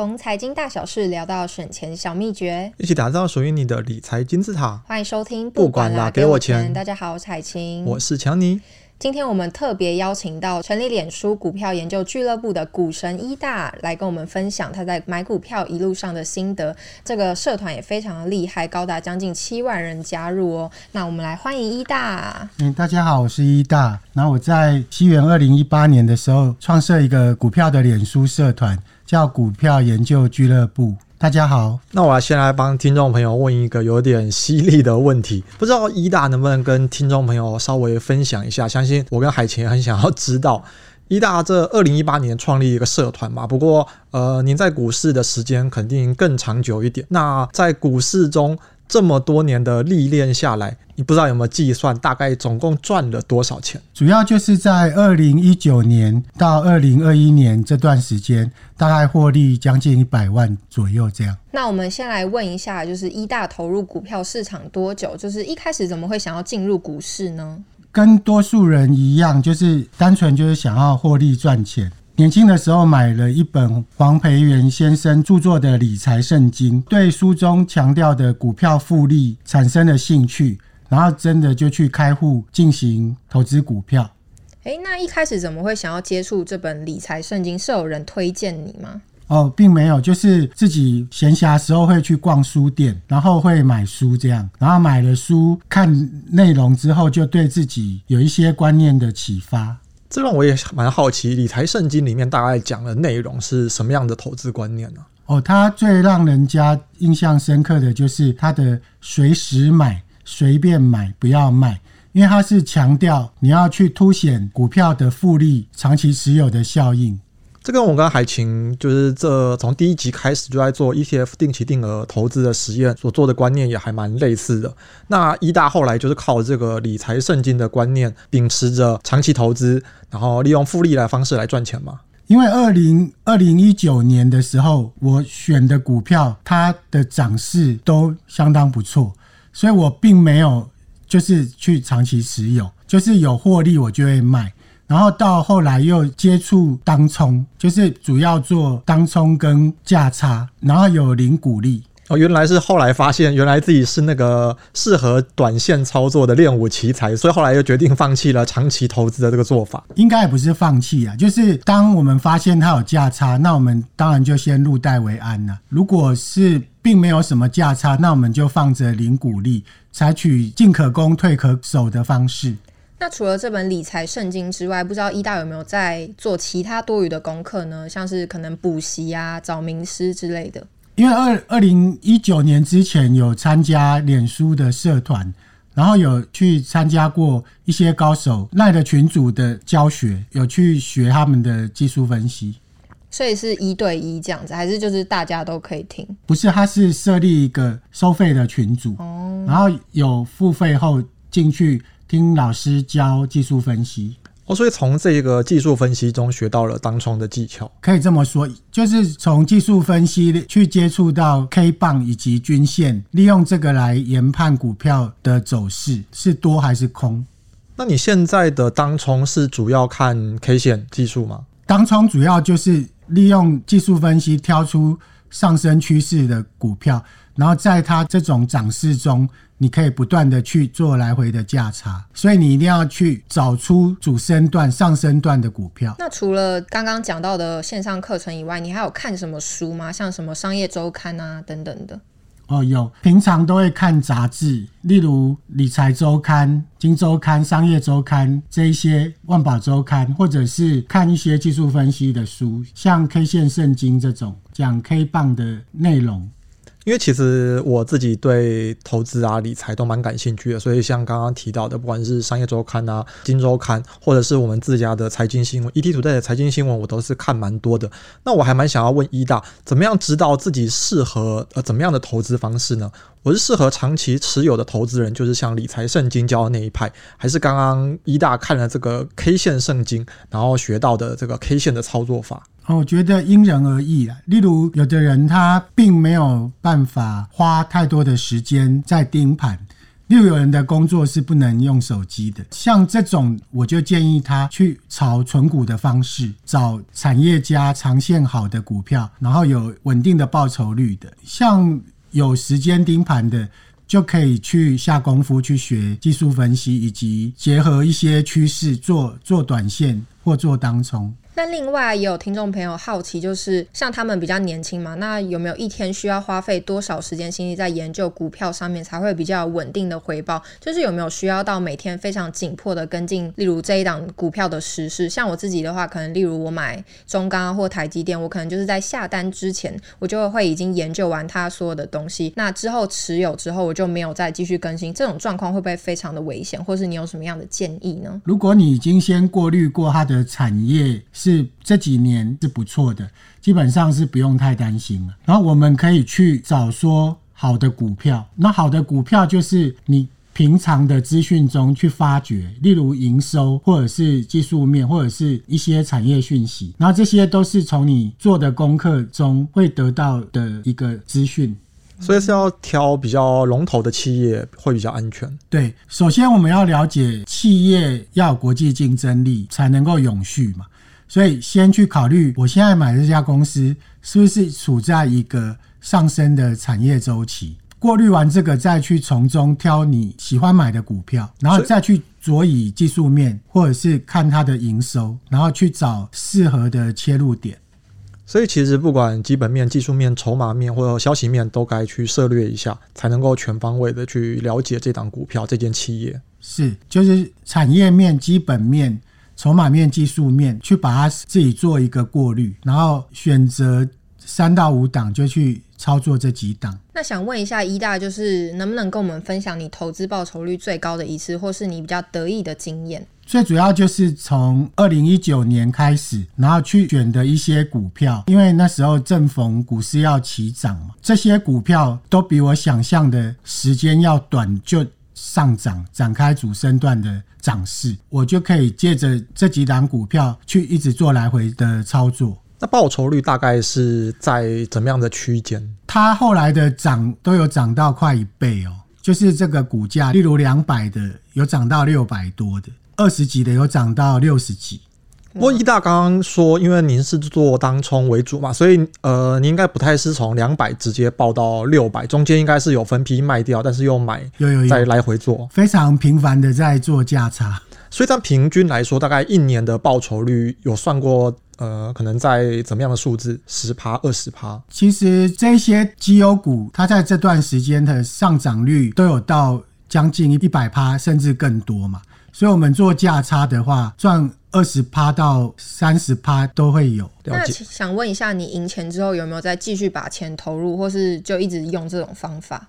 從財經大小事聊到省錢小秘訣，一起打造屬於你的理財金字塔。歡迎收聽，不管啦，給我錢！大家好，我是海晴，我是強尼。今天我們特別邀請到成立臉書股票研究俱樂部的股神 E 大來跟我們分享他在買股票一路上的心得。這個社團也非常的厲害，高達將近七萬人加入哦。那我們來歡迎 E 大。嗯、欸，大家好，我是 E 大。那我在西元二零一八年的時候創設一個股票的臉書社團。叫股票研究俱樂部，大家好。那我先來幫聽眾朋友問一個有點犀利的問題，不知道 E 大能不能跟聽眾朋友稍微分享一下？相信我跟海晴也很想要知道，E 大這二零一八年創立一個社團嘛？不過，呃，您在股市的時間肯定更長久一點。那在股市中。這麼多年的歷練下來，你不知道有沒有計算大概總共賺了多少錢？主要就是在二零一九年到二零二一年這段時間，大概獲利將近一百萬左右這樣。那我們先來問一下，就是 E 大投入股票市場多久？就是一開始怎麼會想要進入股市呢？跟多數人一樣，就是單純就是想要獲利賺錢。年輕的時候買了一本黃培源先生著作的理財聖經，對書中強調的股票複利產生了興趣，然後真的就去開戶進行投資股票。誒，那一開始怎麼會想要接觸這本理財聖經？是有人推薦你嗎？哦，並沒有，就是自己閒暇時候會去逛書店，然後會買書這樣，然後買了書，看內容之後，就對自己有一些觀念的啟發。這讓我也蠻好奇，《理財聖經》裡面大概講的內容是什麼樣的投資觀念呢？啊？哦，它最讓人家印象深刻的就是它的“隨時買、隨便買，不要賣”，因為它是強調你要去凸顯股票的複利、長期持有的效應。這個我跟海晴就是這從第一集開始就在做 ETF 定期定額投資的實驗，所做的觀念也還蠻類似的。那 E 大後來就是靠這個理財聖經的觀念，秉持着長期投資，然後利用複利的方式來賺錢嘛。因為二零二零一九年的時候，我選的股票它的漲勢都相當不錯，所以我並沒有就是去長期持有，就是有獲利我就會賣。然後到後來又接觸當沖，就是主要做當沖跟價差，然後有領股利哦。原來是後來發現，原來自己是那個適合短線操作的練武奇才，所以後來又決定放棄了長期投資的這個做法。應該也不是放棄啊，就是當我們發現它有價差，那我們當然就先入袋為安了啊。如果是並沒有什麼價差，那我們就放着領股利，採取進可攻退可守的方式。那除了這本理財聖經之外，不知道 E 大有沒有在做其他多餘的功課呢？像是可能補習啊、找名師之類的。因為二二零一九年，之前有參加臉書的社團，然後有去參加過一些高手賴的群組的教學，有去學他們的技術分析。所以是一對一這樣子，還是就是大家都可以聽？不是，他是設立一個收費的群組哦，然後有付費後進去。聽老師教技術分析，我所以從這個技術分析中學到了當沖的技巧，可以這麼說，就是從技術分析去接觸到 K 棒以及均線，利用這個來研判股票的走勢是多還是空。那你現在的當沖是主要看 K 線技術嗎？當沖主要就是利用技術分析挑出上升趨勢的股票。然後在它這種漲勢中，你可以不斷的去做來回的價差，所以你一定要去找出主升段、上升段的股票。那除了剛剛講到的線上課程以外，你還有看什麼書嗎？像什麼商業周刊啊等等的？哦，有，平常都會看雜誌，例如理財周刊、今周刊、商業周刊這一些，萬寶周刊，或者是看一些技術分析的書，像《K 線聖經》這種講 K 棒的內容。因為其實我自己對投資啊、理財都蠻感興趣的，所以像剛剛提到的，不管是商業週刊啊、今周刊，或者是我們自家的財經新聞，ETtoday 的財經新聞，我都是看蠻多的。那我還蠻想要問 E 大，怎麼樣知道自己適合呃怎麼樣的投資方式呢？我是適合長期持有的投資人，就是像理財聖經教的那一派，還是剛剛 E 大看了這個 K 線聖經，然後學到的這個 K 線的操作法？我覺得因人而異啊。例如，有的人他並沒有辦法花太多的時間在盯盤，又有人的工作是不能用手機的。像這種，我就建議他去炒存股的方式，找產業家長線好的股票，然後有穩定的報酬率的。像有時間盯盤的，就可以去下功夫去學技術分析，以及結合一些趨勢做做短線或做當沖。但另外也有聽眾朋友好奇，就是像他們比較年輕嘛，那有沒有一天需要花費多少時間心力在研究股票上面才會比較穩定的回報？就是有沒有需要到每天非常緊迫的跟進，例如這一檔股票的時事。像我自己的話，可能例如我買中鋼或台積電，我可能就是在下單之前，我就會已經研究完它所有的東西。那之後持有之後，我就沒有再繼續更新。這種狀況會不會非常的危險？或是你有什麼樣的建議呢？如果你已經先過濾過它的產業是這幾年是不錯的，基本上是不用太擔心了。然後我們可以去找說好的股票，那好的股票就是你平常的資訊中去發掘，例如營收或者是技術面，或者是一些產業訊息。然後這些都是從你做的功課中會得到的一個資訊。所以是要挑比較龍頭的企業會比較安全。對，首先我們要了解企業要有國際競爭力才能夠永續嘛。所以先去考慮，我現在買的這家公司是不是處在一個上升的產業週期？過濾完這個，再去從中挑你喜歡買的股票，然後再去着以技術面或者是看它的營收，然後去找適合的切入點。所以所以其實不管基本面、技術面、籌碼面或者消息面，都該去涉獵一下，才能夠全方位的去了解這檔股票、這間企業。是，就是產業面、基本面。籌碼面、技術面去把它自己做一個過濾，然後選擇三到五檔就去操作這幾檔。那想問一下，E 大就是能不能跟我們分享你投資報酬率最高的一次，或是你比較得意的經驗？最主要就是從二零一九年開始，然後去選的一些股票，因為那時候正逢股市要起漲嘛，這些股票都比我想象的時間要短，就。上漲展開主升段的漲勢，我就可以借着這幾檔股票去一直做來回的操作。那報酬率大概是在怎麼樣的區間？它後來的漲都有漲到快一倍哦，就是這個股價，例如兩百的有漲到六百多的，二十幾的有漲到六十幾。不過，E 大剛剛說，因為您是做當沖為主嘛，所以呃，您應該不太是從兩百直接報到六百，中間應該是有分批賣掉，但是又買，又有，有，有再來回做，非常頻繁的在做價差。所以，它平均來說，大概一年的報酬率有算過，呃，可能在怎麼樣的數字，十趴、二十趴。其實這些績優股，它在這段時間的上漲率都有到將近一百趴，甚至更多嘛。所以我們做價差的話，賺。二十趴到三十趴都會有。那想問一下，你贏錢之後有沒有再繼續把錢投入，或是就一直用這種方法？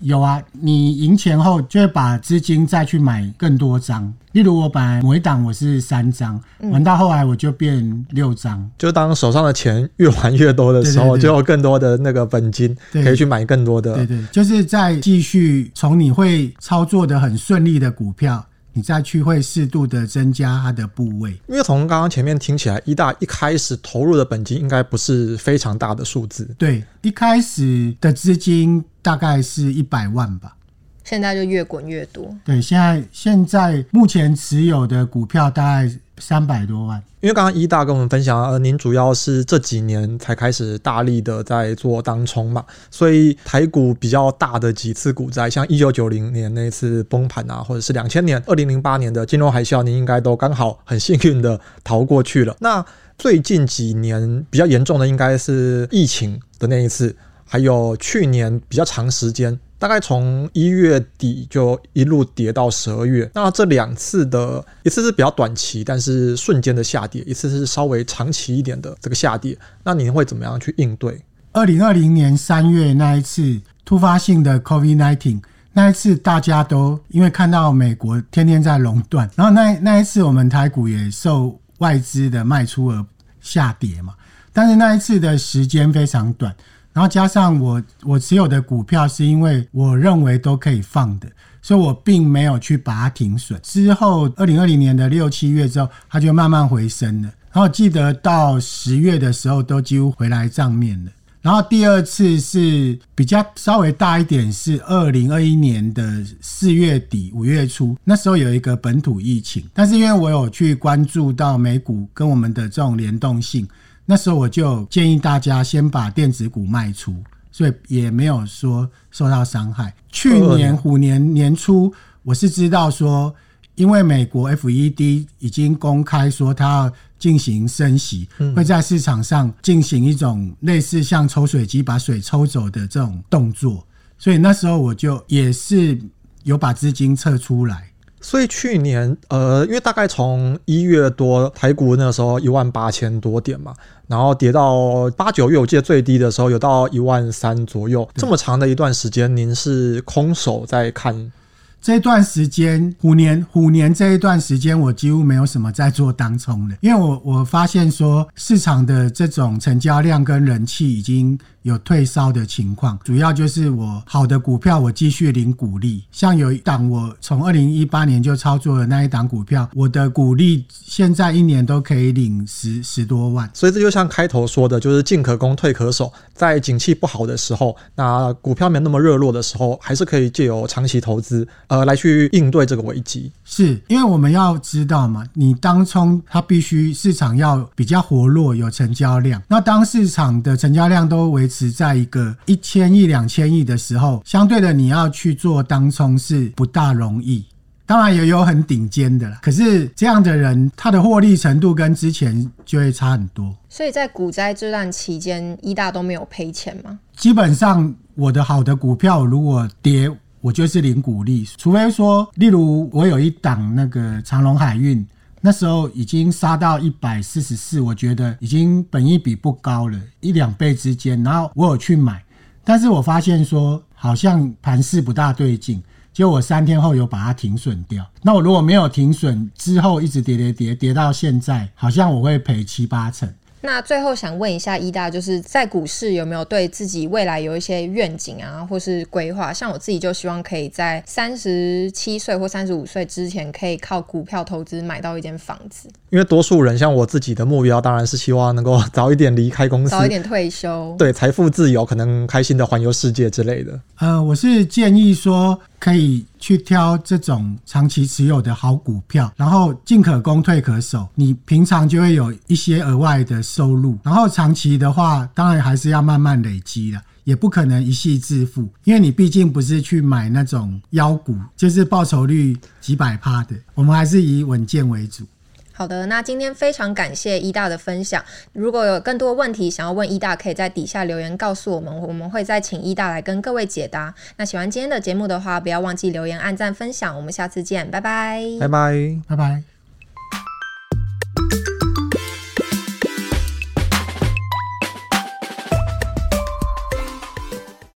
有啊，你贏錢後就會把資金再去買更多張。例如，我本來某一檔我是三張，嗯、玩到後來我就變六張。就當手上的錢越還越多的時候，對對對，就有更多的那個本金可以去買更多的。對，對對，就是再繼續從你會操作得很順利的股票，你再去會適度的增加它的部位，因為從剛剛前面聽起來，E 大一開始投入的本金應該不是非常大的數字。對，一開始的資金大概是一百萬吧。現在就越滾越多。對，現在現在目前持有的股票大概三百多萬。因為剛剛 E 大跟我們分享了，呃，您主要是這幾年才開始大力的在做當沖嘛，所以台股比較大的幾次股災，像一九九零年那次崩盤啊，或者是兩千年、二零零八年的金融海嘯，您應該都剛好很幸運的逃過去了。那最近幾年比較嚴重的應該是疫情的那一次，還有去年比較長時間，大概從一月底就一路跌到十二月，那這兩次的，一次是比較短期，但是瞬間的下跌；一次是稍微長期一點的這個下跌。那你會怎麼樣去應對？二零二零年三月那一次突發性的 COVID-19，那一次大家都因為看到美國天天在熔斷，然後那那一次我們台股也受外資的賣出而下跌嘛，但是那一次的時間非常短。然後加上我我持有的股票是因為我認為都可以放的，所以我並沒有去把它停損。之後二零二零年的六七月之後，它就慢慢回升了。然後記得到十月的時候，都幾乎回來賬面了。然後第二次是比較稍微大一點，是二零二一年的四月底五月初，那時候有一個本土疫情，但是因為我有去關注到美股跟我們的這種聯動性。那時候我就建議大家先把電子股賣出，所以也沒有說受到傷害。去年虎年年初，我是知道說，因為美國 FED 已經公開說它要進行升息，會在市場上進行一種類似像抽水機把水抽走的這種動作，所以那時候我就也是有把資金撤出來。所以去年，呃，因為大概從一月多，台股那個時候一萬八千多點嘛，然後跌到八九月，我記得最低的時候有到一萬三左右。對這麼長的一段時間，您是空手在看？這段時間虎年虎年，這一段時間，我幾乎沒有什麼在做當沖的，因為我我發現說市場的這種成交量跟人氣已經。有退燒的情況，主要就是我好的股票我繼續領股利。像有一檔我從二零一八年就操作了那一檔股票，我的股利現在一年都可以領十十多萬。所以這就像開頭說的，就是進可攻退可守，在景氣不好的時候，那股票沒那麼熱絡的時候，還是可以借由長期投資呃來去應對這個危機。是因為我們要知道嘛，你當沖它必須市場要比較活絡有成交量，那當市場的成交量都為只在一個一千億、兩千億的時候，相對的你要去做當沖是不大容易。當然也有很頂尖的啦，可是這樣的人他的獲利程度跟之前就會差很多。所以在股災這段期間，E 大都沒有賠錢嗎？基本上我的好的股票如果跌，我就是零股利，除非說例如我有一檔那個長榮海運。那時候已經殺到一百四十四，我覺得已經本益比不高了，一兩倍之間。然後我有去買，但是我發現說好像盤勢不大對勁，結果我三天後有把它停損掉。那我如果沒有停損，之後一直跌跌跌跌到現在，好像我會賠七八成。那最後想問一下，E 大就是在股市有沒有對自己未來有一些願景啊，或是規劃？像我自己就希望可以在三十七歲或三十五歲之前，可以靠股票投資買到一間房子。因為多數人像我自己的目標，當然是希望能夠早一點離開公司，早一點退休。對，財富自由，可能開心的環遊世界之類的。呃，我是建議說。可以去挑這種長期持有的好股票，然後進可攻退可守，你平常就會有一些額外的收入。然後長期的話，當然還是要慢慢累積了，也不可能一夕致富，因為你畢竟不是去買那種妖股，就是報酬率幾百趴的。我們還是以穩健為主。好的，那今天非常感謝 E 大的分享。如果有更多問題想要問 E 大，可以在底下留言告訴我們，我們會再請 E 大來跟各位解答。那喜歡今天的節目的話，不要忘記留言、按讚、分享。我們下次見，拜拜。拜拜，拜拜。